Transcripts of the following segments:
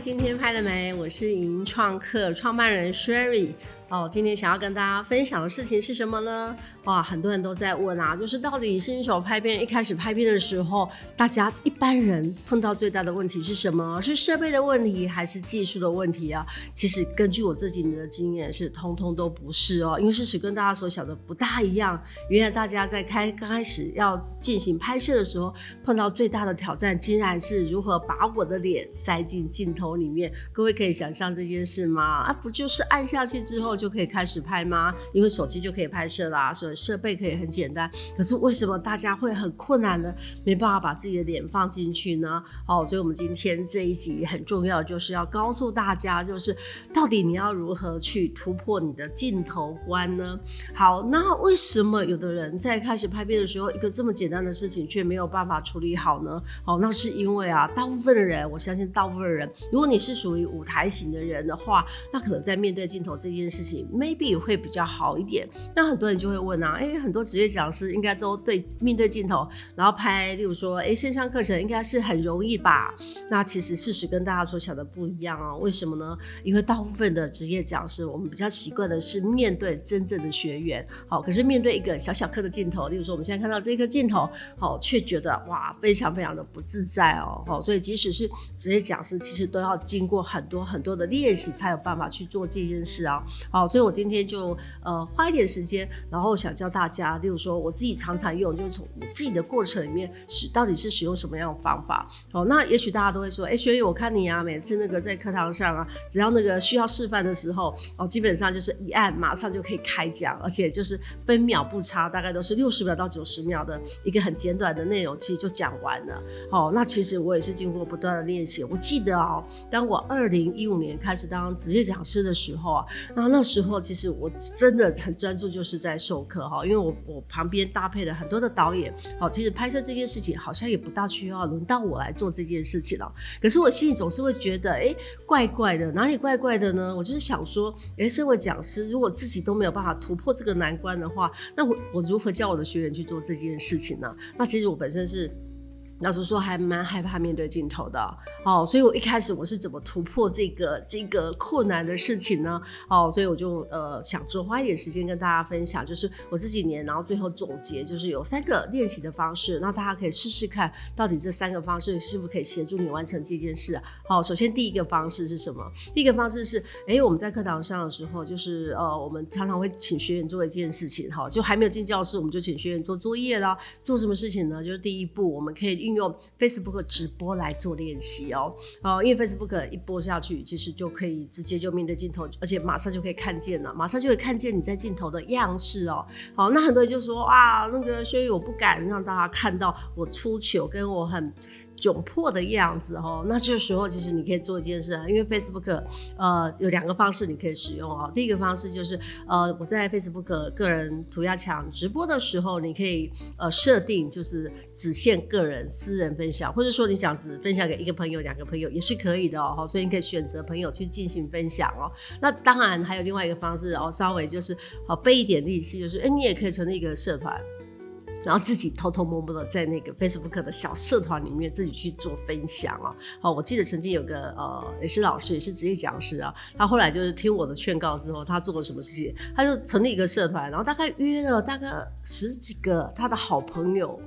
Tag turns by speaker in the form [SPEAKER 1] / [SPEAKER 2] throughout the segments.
[SPEAKER 1] 今天拍了沒？我是影音創客創辦人 Shary。哦，今天想要跟大家分享的事情是什麼呢？哇，很多人都在問啊，就是到底新手拍片一開始拍片的時候，大家一般人碰到最大的問題是什麼？是設備的問題還是技術的問題啊？其實根據我這幾年的經驗是，通通都不是哦。因為事實跟大家所想的不大一樣。原來大家在開剛開始要進行拍攝的時候，碰到最大的挑戰竟然是如何把我的臉塞進鏡頭裡面。各位可以想象這件事嗎？啊，不就是按下去之後就。就可以開始拍嗎？因為手機就可以拍攝啦，啊，所以設備可以很簡單。可是為什麼大家會很困難呢？沒辦法把自己的臉放進去呢？好，所以我們今天這一集很重要，就是要告訴大家，就是到底你要如何去突破你的鏡頭關呢？好，那為什麼有的人在開始拍片的時候，一個這麼簡單的事情卻沒有辦法處理好呢？好，那是因為啊，大部分的人，我相信大部分的人，如果你是屬於舞台型的人的話，那可能在面對鏡頭這件事。maybe 會比較好一點。那很多人就會問啊，誒、欸，很多職業講師應該都對面對鏡頭，然後拍，例如說，誒、欸，線上課程應該是很容易吧？那其實事實跟大家所想的不一樣哦。為什麼呢？因為大部分的職業講師，我們比較習慣的是面對真正的學員，好、哦，可是面對一個小小顆的鏡頭，例如說我們現在看到這顆鏡頭，好、哦，卻覺得哇，非常非常的不自在哦，好、哦，所以即使是職業講師，其實都要經過很多很多的練習，才有辦法去做這件事哦。好，所以我今天就呃花一點時間，然後想教大家，例如說我自己常常用，就是從我自己的過程裡面使到底是使用什麼樣的方法。好、哦，那也許大家都會說，哎、欸，學玉，我看你啊，每次那個在課堂上啊，只要那個需要示範的時候，哦，基本上就是一按，馬上就可以開講，而且就是分秒不差，大概都是六十秒到九十秒的一個很簡短的內容，其實就講完了。哦，那其實我也是經過不斷的練習，我記得哦，當我二零一五年開始當職業講師的時候啊，那那。時候其實我真的很專注，就是在授課哈，因為我我旁邊搭配了很多的導演，好，其實拍攝這件事情好像也不大需要輪到我來做這件事情了。可是我心裡總是會覺得，哎、欸，怪怪的，哪裡怪怪的呢？我就是想說，哎、欸，身為講師，如果自己都沒有辦法突破這個難關的話，那我我如何叫我的學員去做這件事情呢？那其實我本身是。老實說還蠻害怕面對鏡頭的哦，所以我一開始，我是怎麼突破這個這個困難的事情呢？哦，所以我就呃想說花一點時間跟大家分享，就是我這幾年，然後最後總結就是有三個練習的方式，那大家可以試試看到底這三個方式是不是可以協助你完成這件事。好，首先第一個方式是什麼？第一個方式是哎、欸，我們在課堂上的時候，就是呃我們常常會請學員做一件事情哈，就還沒有進教室，我們就請學員做作業啦。做什麼事情呢？就是第一步我們可以。運用 Facebook 直播來做練習哦,哦，因為 Facebook 一播下去，其實就可以直接就面對鏡頭，而且馬上就可以看見了，馬上就可以看見你在鏡頭的樣式哦。好，那很多人就說哇、啊，那個 Shary，我不敢讓大家看到我出糗，跟我很。窘迫的樣子哦，那這時候其實你可以做一件事啊，因為 Facebook，呃，有兩個方式你可以使用哦。第一個方式就是，呃，我在 Facebook 個人塗鴉牆直播的時候，你可以呃設定就是只限個人私人分享，或者說你想只分享給一個朋友、兩個朋友也是可以的哦。所以你可以選擇朋友去進行分享哦。那當然還有另外一個方式哦，稍微就是好費、哦、一點力氣，就是哎、欸，你也可以成立一個社團。然後自己偷偷摸摸的在那個 Facebook 的小社團裡面自己去做分享啊，好，哦，我記得曾經有個呃也是老師也是職業講師啊，他後來就是聽我的勸告之後，他做了什麼事情？他就成立一個社團，然後大概約了大概十幾個他的好朋友。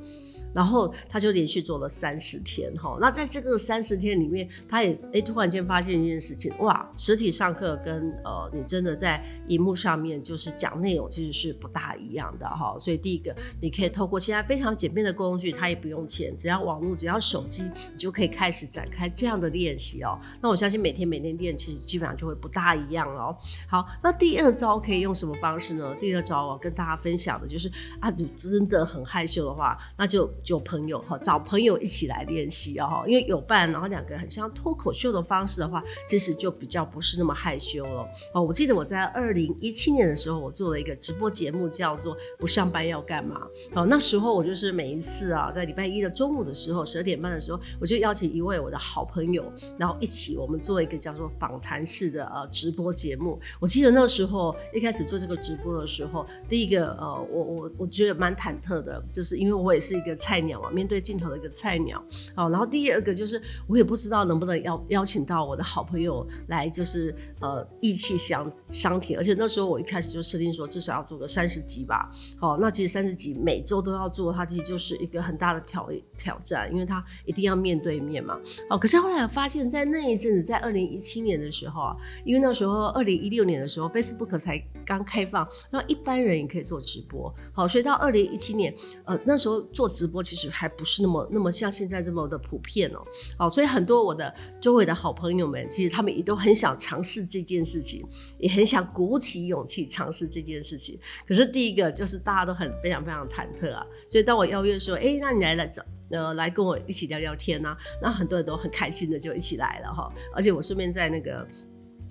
[SPEAKER 1] 然後他就連續做了三十天哈、哦，那在這個三十天裡面，他也哎突然間發現一件事情，哇，實體上課跟呃你真的在熒幕上面就是講內容其實是不大一樣的哈、哦。所以第一個，你可以透過現在非常簡便的工具，它也不用錢，只要網絡，只要手機，你就可以開始展開這樣的練習哦。那我相信每天每天練，其實基本上就會不大一樣哦。好，那第二招可以用什麼方式呢？第二招我要跟大家分享的就是啊，你真的很害羞的話，那就揪朋友哈，找朋友一起來練習哦，因為有伴，然後兩個很像脫口秀的方式的話，其實就比較不是那麼害羞了哦。我記得我在二零一七年的時候，我做了一個直播節目，叫做《不上班要幹嘛》哦。那時候我就是每一次啊，在禮拜一的中午的時候，十二點半的時候，我就邀請一位我的好朋友，然後一起我們做一個叫做訪談式的呃直播節目。我記得那時候一開始做這個直播的時候，第一個呃，我我我覺得蠻忐忑的，就是因為我也是一個。菜鳥啊，面對鏡頭的一個菜鳥，好，然後第二個就是我也不知道能不能邀邀請到我的好朋友來，就是呃義氣相相挺，而且那時候我一開始就設定說至少要做個三十集吧，好，那其實三十集每周都要做，它其實就是一個很大的挑戰。挑戰，因為他一定要面對面嘛。哦，可是後來我發現，在那一陣子，在二零一七年的時候啊，因為那時候二零一六年的時候，Facebook 才剛開放，那一般人也可以做直播。好，所以到二零一七年，呃，那時候做直播其實還不是那麼那麼像現在這麼的普遍哦、喔。好，所以很多我的周圍的好朋友們，其實他們也都很想嘗試這件事情，也很想鼓起勇氣嘗試這件事情。可是第一個就是大家都很非常非常忐忑啊。所以當我邀約說，誒、欸，那你來來找。呃，來跟我一起聊聊天吶，那很多人都很開心的就一起來了哈，而且我順便在那個，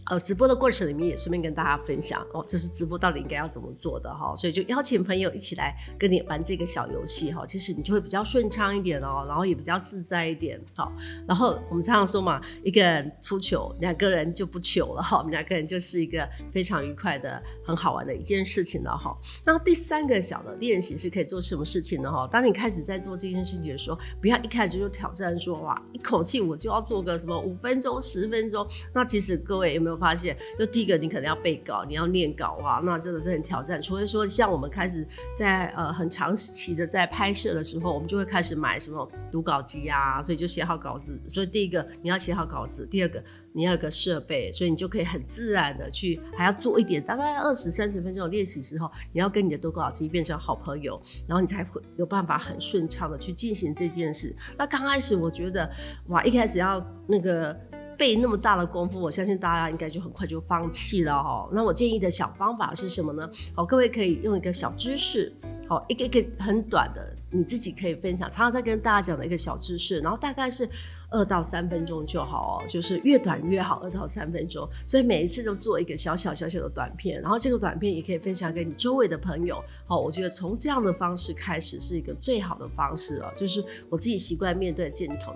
[SPEAKER 1] 呃，直播的過程裡面也順便跟大家分享哦，就是直播到底應該要怎麼做的哈、哦，所以就邀請朋友一起來跟你玩這個小遊戲哈，其實你就會比較順暢一點哦，然後也比較自在一點好、哦，然後我們常常說嘛，一個人出糗，兩個人就不糗了哈，我們兩、哦、個人就是一個非常愉快的、很好玩的一件事情了哈、哦。那第三個小的練習是可以做什麼事情的哈、哦？當你開始在做這件事情的時候，不要一開始就挑戰說哇，一口氣我就要做個什麼五分鐘、十分鐘，那其實各位有沒有？發現，就第一個，你可能要背稿，你要念稿啊。那真的是很挑戰。除非說，像我們開始在呃很長期的在拍攝的時候，我們就會開始買什麼讀稿機啊，所以就寫好稿子。所以第一個你要寫好稿子，第二個你要有個設備，所以你就可以很自然的去，還要做一點大概二十三十分鐘的練習之後，你要跟你的讀稿機變成好朋友，然後你才會有辦法很順暢的去進行這件事。那剛開始我覺得，哇，一開始要那個。費那麼大的功夫，我相信大家應該就很快就放棄了哈、哦。那我建議的小方法是什麼呢？好，各位可以用一個小知識，好，一個一個很短的，你自己可以分享，常常在跟大家講的一個小知識，然後大概是二到三分鐘就好哦，就是越短越好，二到三分鐘。所以每一次都做一個小小小小的短片，然後這個短片也可以分享給你周圍的朋友。好，我覺得從這樣的方式開始是一個最好的方式了，就是我自己習慣面對鏡頭。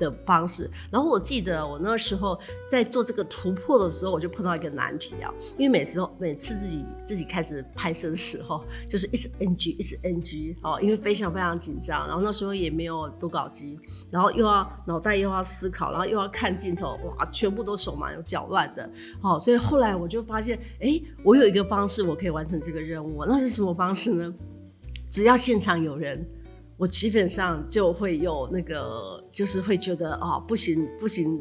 [SPEAKER 1] 的方式，然後我記得我那時候在做這個突破的時候，我就碰到一個難題啊，因為每次每次自己自己開始拍攝的時候，就是一直 NG 一直 NG 哦，因為非常非常緊張，然後那時候也沒有讀稿機，然後又要腦袋又要思考，然後又要看鏡頭，哇，全部都手忙腳亂的，哦。所以後來我就發現，哎，我有一個方式我可以完成這個任務，那是什麼方式呢？只要現場有人。我基本上就會有那個，就是會覺得啊、哦，不行不行，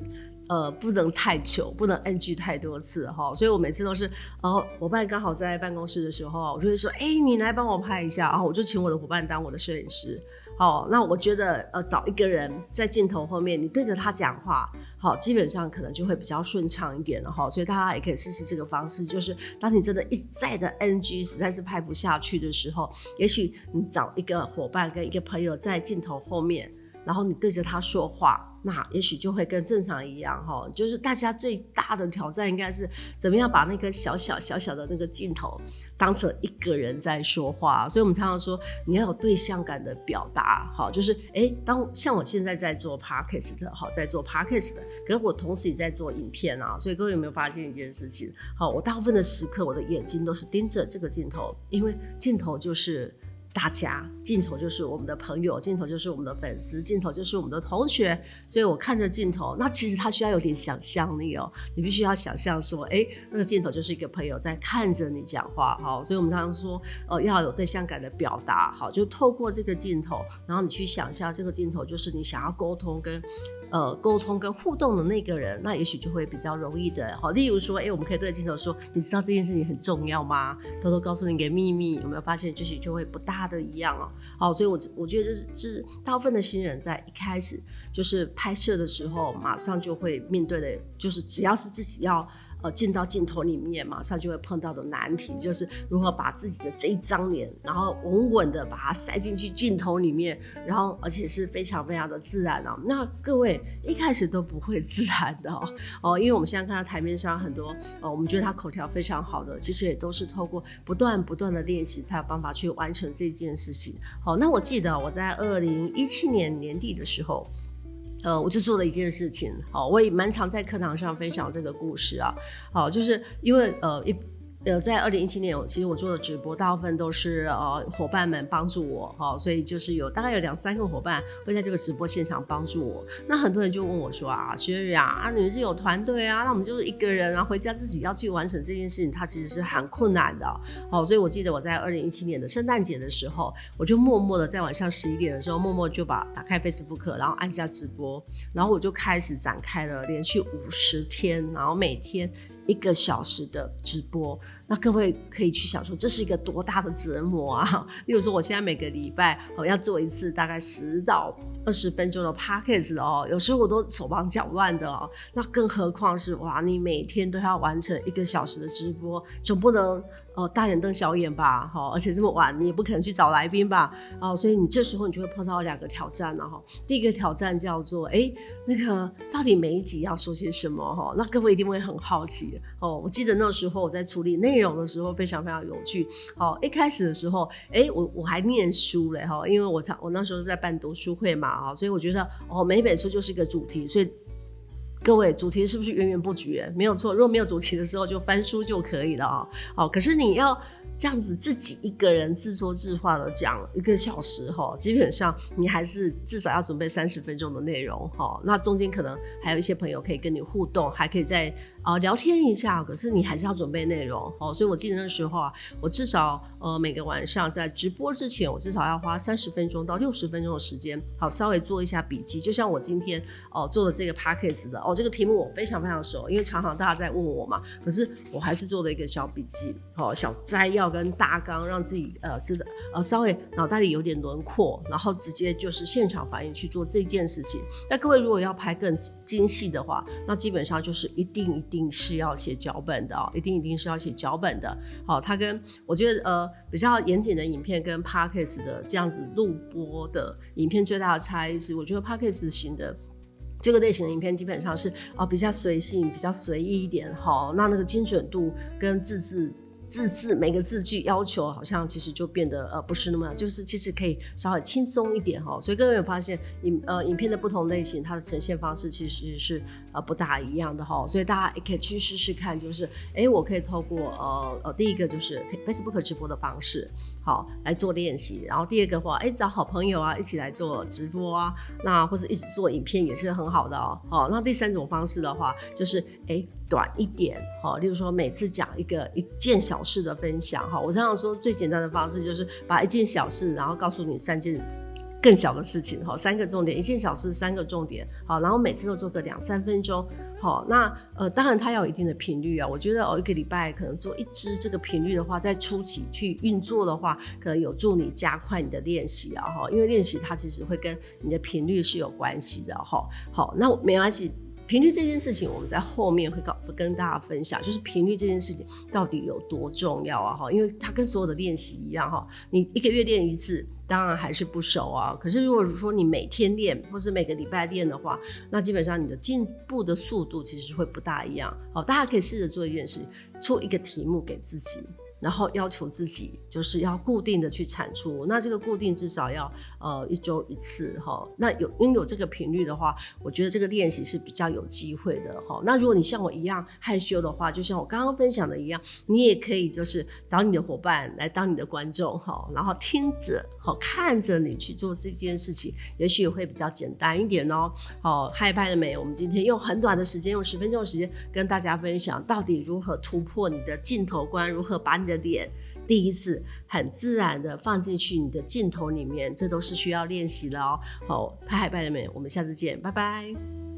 [SPEAKER 1] 呃，不能太糗，不能 NG 太多次哈、哦。所以我每次都是，然後夥伴剛好在辦公室的時候，我就會說，哎，你來幫我拍一下啊，然後我就請我的夥伴當我的攝影師。哦，那我覺得呃，找一個人在鏡頭後面，你對着他講話，好、哦，基本上可能就會比較順暢一點了哈、哦。所以大家也可以試試這個方式，就是當你真的一再的 NG，實在是拍不下去的時候，也許你找一個夥伴跟一個朋友在鏡頭後面，然後你對着他說話。那也許就會跟正常一樣哈，就是大家最大的挑戰應該是怎麼樣把那個小小小小的那個鏡頭當成一個人在說話。所以我們常常說你要有對象感的表達，好,就是哎、欸,當像我現在在做 Podcast 好，在做 Podcast，可是我同時也在做影片啊。所以各位有沒有發現一件事情？好，我大部分的時刻我的眼睛都是盯着這個鏡頭，因為鏡頭就是。大家鏡頭就是我們的朋友，鏡頭就是我們的粉絲，鏡頭就是我們的同學，所以我看着鏡頭，那其實他需要有點想象力哦，你必須要想象說，誒，那個鏡頭就是一個朋友在看着你講話，好，所以我們常常說，哦，要有對象感的表達，好，就透過這個鏡頭，然後你去想象這個鏡頭就是你想要溝通跟。呃，溝通跟互動的那個人，那也許就會比較容易的。好，例如說，哎、欸，我們可以對鏡頭說，你知道這件事情很重要嗎？偷偷告訴你一個秘密，有沒有發現，就是就會不大的一樣哦、啊。好，所以我，我我覺得就是，就是大部分的新人在一開始就是拍攝的時候，馬上就會面對的，就是只要是自己要。呃，進到鏡頭裡面，馬上就會碰到的難題就是如何把自己的這一張臉，然後穩穩的把它塞進去鏡頭裡面，然後而且是非常非常的自然啊、哦。那各位一開始都不會自然的哦，哦，因為我們現在看到台面上很多，呃、哦，我們覺得他口條非常好的，其實也都是透過不斷不斷的練習才有辦法去完成這件事情。好、哦，那我記得我在二零一七年年底的時候。呃，我就做了一件事情，好，我也蠻常在課堂上分享這個故事啊，好，就是因為呃一。呃，在二零一七年，我其實我做的直播大部分都是呃夥伴們幫助我哈、哦，所以就是有大概有兩三個夥伴會在這個直播現場幫助我。那很多人就問我說啊，Shary 啊，你是有團隊啊，那我們就是一個人，然後回家自己要去完成這件事情，它其實是很困難的。好、哦，所以我記得我在二零一七年的聖誕節的時候，我就默默的在晚上十一點的時候，默默就把打開 Facebook，然後按下直播，然後我就開始展開了連續五十天，然後每天。一個小時的直播，那各位可以去想說，這是一個多大的折磨啊！例如說，我現在每個禮拜我要做一次大概十到二十分鐘的 Podcast 哦，有時候我都手忙腳亂的哦，那更何況是哇，你每天都要完成一個小時的直播，總不能。哦，大眼瞪小眼吧，哈，而且這麼晚你也不可能去找來賓吧，哦，所以你這時候你就會碰到兩個挑戰了哈。第一個挑戰叫做，哎、欸，那個到底每一集要說些什麼哈？那各位一定會很好奇哦。我記得那時候我在處理內容的時候非常非常有趣，哈、哦，一開始的時候，哎、欸，我我還念書嘞哈，因為我才我那時候在辦讀書會嘛，哈，所以我覺得哦，每本書就是一個主題，所以。各位，主題是不是源源不絕？沒有錯，如果沒有主題的時候，就翻書就可以了啊、哦。哦，可是你要這樣子自己一個人自說自話的講一個小時哈，基本上你還是至少要準備三十分鐘的內容哈、哦。那中間可能還有一些朋友可以跟你互動，還可以在。啊，聊天一下，可是你還是要準備內容哦。所以我記得那時候啊，我至少呃每個晚上在直播之前，我至少要花三十分鐘到六十分鐘的時間，好，稍微做一下筆記。就像我今天哦、呃、做的這個 Podcast 的哦，這個題目我非常非常熟，因為常常大家在問我嘛。可是我還是做了一個小筆記，哦，小摘要跟大綱，讓自己呃，真的呃，稍微腦袋裡有點輪廓，然後直接就是現場反應去做這件事情。那各位如果要拍更精細的話，那基本上就是一定一定。一定是要寫腳本的哦，一定一定是要寫腳本的。好、哦，它跟我覺得呃比較嚴謹的影片跟 Podcast 的這樣子錄播的影片最大的差異是，我覺得 Podcast 型的這個類型的影片基本上是啊、哦、比較隨性、比較隨意一點。好、哦，那那個精準度跟自制，字字每個字句要求好像其實就變得呃不是那麼，就是其實可以稍微輕鬆一點哈。所以各位有發現影呃影片，的不同類型，它的呈現方式其實是呃不大一樣的哈。所以大家也可以去試試看，就是哎，我可以透過呃呃第一個就是可以 Facebook 直播的方式好，來做練習，然後第二個話，哎找好朋友啊一起來做直播啊，那或是一起做影片也是很好的哦。好，那第三種方式的話就是哎短一點好，例如說每次講一個一件小。小事的分享哈，我常常說最簡單的方式就是把一件小事，然後告訴你三件更小的事情哈，三個重點，一件小事，三個重點，好，然後每次都做個兩三分鐘，好，那呃，當然它要有一定的頻率啊，我覺得哦，一個禮拜可能做一支這個頻率的話，在初期去運作的話，可能有助你加快你的練習啊哈，因為練習它其實會跟你的頻率是有關係的哈，好，那沒關係。頻率這件事情，我們在後面會告跟大家分享，就是頻率這件事情到底有多重要啊？哈，因為它跟所有的練習一樣哈，你一個月練一次，當然還是不熟啊。可是如果說你每天練，或是每個禮拜練的話，那基本上你的進步的速度其實會不大一樣。好，大家可以試着做一件事，出一個題目給自己。然後要求自己就是要固定的去產出，那這個固定至少要呃一周一次哈、哦。那有擁有這個頻率的話，我覺得這個練習是比較有機會的哈、哦。那如果你像我一樣害羞的話，就像我剛剛分享的一樣，你也可以就是找你的夥伴來當你的觀眾哈、哦，然後聽着哈、哦，看着你去做這件事情，也許也會比較簡單一點哦。好、哦，害怕了沒？我們今天用很短的時間，用十分鐘的時間跟大家分享到底如何突破你的鏡頭關，如何把你。的點，第一次很自然的放進去你的鏡頭裡面，這都是需要練習的哦。好，拍了沒的們，我們下次見，拜拜。